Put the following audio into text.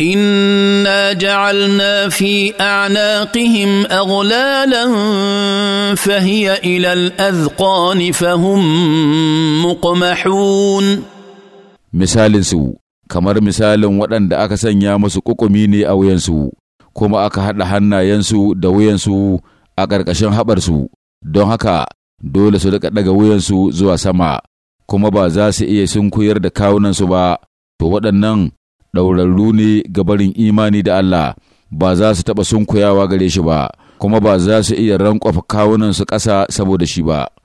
انا جعلنا في اعناقهم اغلالا فهي الى الاذقان فهم مقمحون misalinsu kamar misalin waɗanda aka sanya musu ƙuƙumi ne a wuyansu kuma aka haɗa hannayensu da wuyansu a ƙarƙashin haɓarsu don haka dole su daga ɗaga wuyansu zuwa sama kuma ba za su iya sunkuyar da kawunansu ba to waɗannan ɗaurarru ne ga barin imani da Allah ba za su taɓa sunkuyawa gare shi ba kuma ba za su iya rankwafa kawunansu ƙasa saboda shi ba.